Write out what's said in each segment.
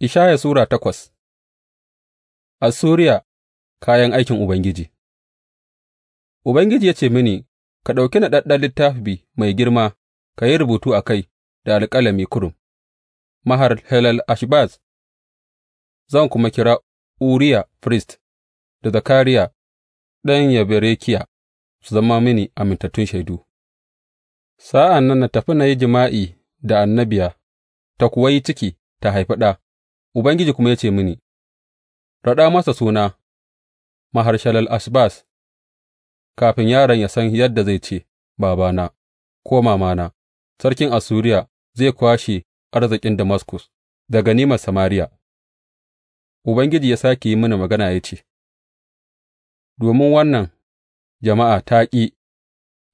Ishaya Sura takwas Assuriya kayan aikin Ubangiji Ubangiji ya ce mini, Ka ɗauki naɗaɗɗen littafi mai girma, ka yi rubutu a kai da alƙalami kurum, mahar Helal Ashbaz, zan kuma kira Uriya firist da Zakariya ɗan Yaberekiya su zama mini amintattun shaidu. Sa'an nan na tafi na yi jima'i da annabiya, ta kuwa yi ciki ta haifi ɗa. Ubangiji kuma ya ce mini, Raɗa masa suna Maharshalal Ashbaz, kafin yaron ya san yadda zai ce, Babana’ ko mamana, sarkin Assuriya zai kwashe arzikin Damaskus da ganimar Samariya, Ubangiji ya sāke yi mini magana ya ce, Domin wannan jama'a ta ƙi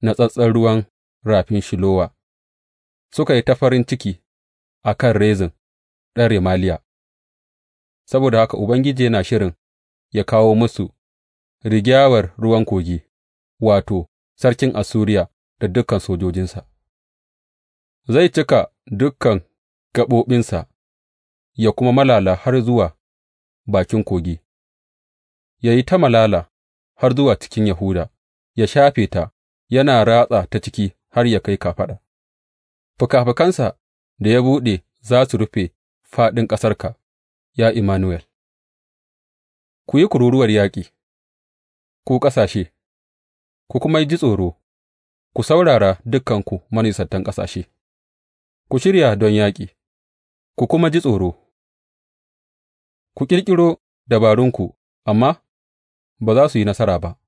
natsattsen ruwan rafin Shilowa, suka yi ta farin ciki a kan Rezin ɗan Remaliya. saboda haka Ubangiji yana shirin ya kawo musu rigyawar ruwan kogi, wato, sarkin Assuriya da dukan sojojinsa, zai cika dukan gaɓoɓinsa ya kuma malala har zuwa bakin kogi, ya yi ta malala har zuwa cikin Yahuda, ya shafe ta, yana ratsa ta ciki har ya kai kafaɗa. fukansa da ya buɗe za su rufe faɗin ƙasarka. Ya Immanuwel Ku yi kururuwar yaƙi, ku ƙasashe, ku kuma ji tsoro; ku saurara, dukanku manisantan ƙasashe, ku shirya don yaƙi ku kuma ji tsoro; ku ƙirƙiro dabarunku, amma ba za su yi nasara ba,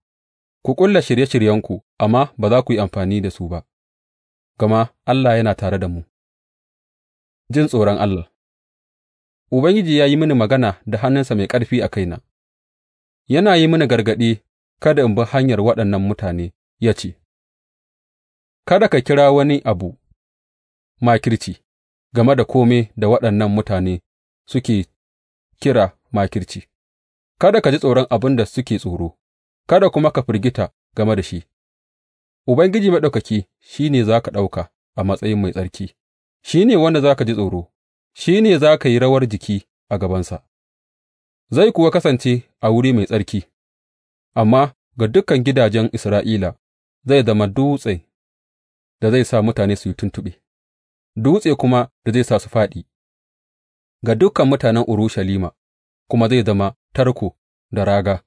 ku ƙulla shirye shiryenku, amma ba za ku yi amfani da su ba, gama Allah yana tare da mu. Jin tsoron Allah. Ubangiji ya yi mini magana da hannunsa mai ƙarfi a kaina, yana yi mini gargaɗi kada in bi hanyar waɗannan mutane ya ce, Kada ka kira wani abu makirci game da kome da waɗannan mutane suke kira makirci, kada ka ji tsoron abin da suke tsoro, kada kuma ka firgita game da shi, Ubangiji Maɗaukaki shi ne za ka ɗauka a matsayin mai tsarki, shi ne wanda za ka ji tsoro. shi ne za ka yi rawar jiki a gabansa, zai kuwa kasance a wuri mai tsarki, amma ga dukan gidajen Isra'ila zai zama dutse da zai sa mutane su yi tuntuɓe, dutse kuma da zai sa su faɗi. ga dukan mutanen Urushalima kuma zai zama tarko da raga,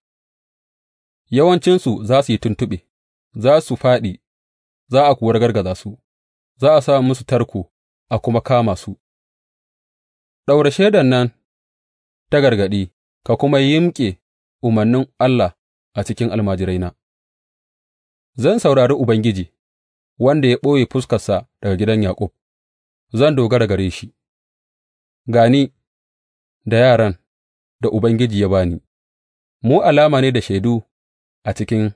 yawancinsu za su yi tuntuɓe, za su faɗi, za a kuwa ragargaza su, za a sa musu tarko a kuma kama su. Ɗaura shaidan nan ta gargaɗi ka kuma yimƙe umarnin Allah a cikin almajiraina; zan saurari Ubangiji, wanda ya ɓoye fuskarsa daga gidan Yaƙub, zan dogara gare shi, Gani da yaran da Ubangiji ya ba ni, mu alama ne da shaidu a cikin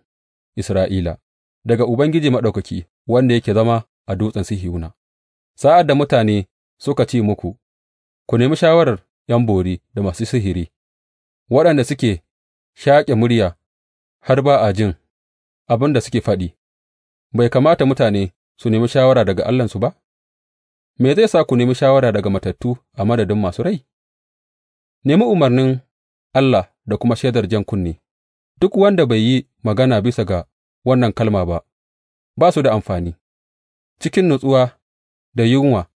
Isra'ila, daga Ubangiji Maɗaukaki, wanda yake zama a Dutsen Sihiyuna, sa'ad da mutane suka ce muku. Ku nemi shawarar ’yan bori da masu sihiri, waɗanda suke shaƙe murya har ba a jin abin da suke faɗi; bai kamata mutane su nemi shawara daga Allahnsu ba, me zai sa ku nemi shawara daga matattu a madadin masu rai? Nemi umarnin Allah da kuma shaidar jan kunne; duk wanda bai yi magana bisa ga wannan kalma ba, ba su da amfani, cikin nutsuwa da yunwa.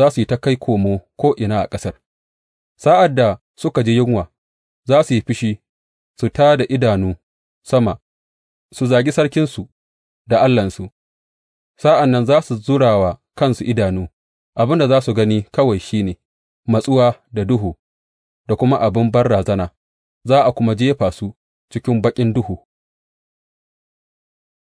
za su yi ta kai komo ko'ina a ƙasar; sa'ad da suka ji yunwa, za su yi fushi su tā da idanu sama su zagi sarkinsu da Allahnsu, sa'an nan za su zura wa kansu idanu, abin da za su gani kawai shi ne matsuwa da duhu da kuma abin banrazana, za a kuma jefa su cikin baƙin duhu.